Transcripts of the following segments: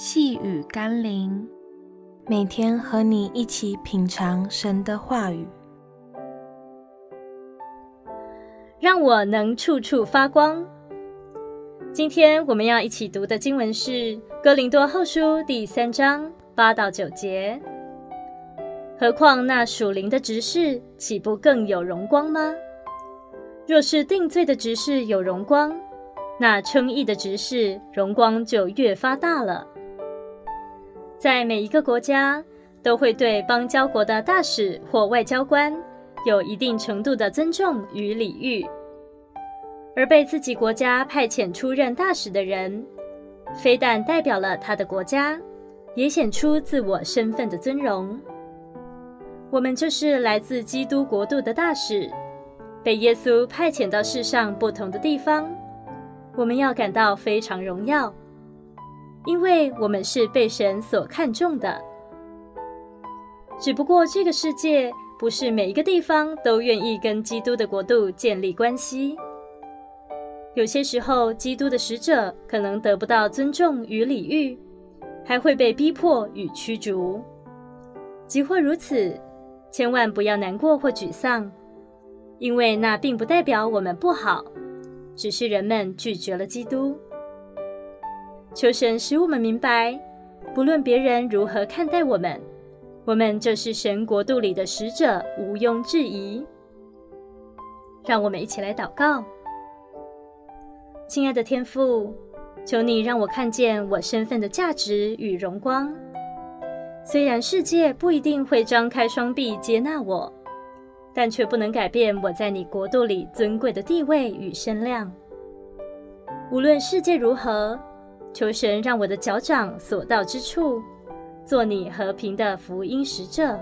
細語甘霖，每天和你一起品嘗神的話語，讓我能處處發光。今天我們要一起讀的經文是《哥林多後書》第三章八到九節。何況那屬靈的執事豈不更有榮光嗎？若是定罪的執事有榮光，那稱義的執事榮光就越發大了。在每一個國家，都會對邦交國的大使或外交官有一定程度的尊重與禮遇。而被自己國家派遣出任大使的人，非但代表了他的國家，也顯出自我身份的尊榮。我們就是來自基督國度的大使，被耶穌派遣到世上不同的地方，我們要感到非常榮耀。因為我們是被神所看重的，只不過這個世界，不是每一個地方都願意跟基督的國度建立關係。有些時候，基督的使者可能得不到尊重與禮遇，還會被逼迫與驅逐。即或如此，千萬不要難過或沮喪，因為那並不代表我們不好，只是人們拒絕了基督。求神使我們明白，不論別人如何看待我們，我們就是神國度裡的使者，毋庸置疑。讓我們一起來禱告，親愛的天父，求你讓我看見我身份的價值與榮光。雖然世界不一定會張開雙臂接納我，但卻不能改變我在你國度裡尊貴的地位與身量。無論世界如何。求神讓我的腳掌所到之處，做你和平的福音使者。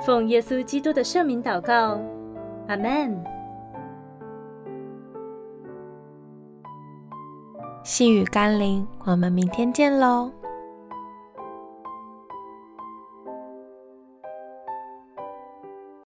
奉耶穌基督的聖名禱告，阿門。細語甘霖，我們明天見嘍。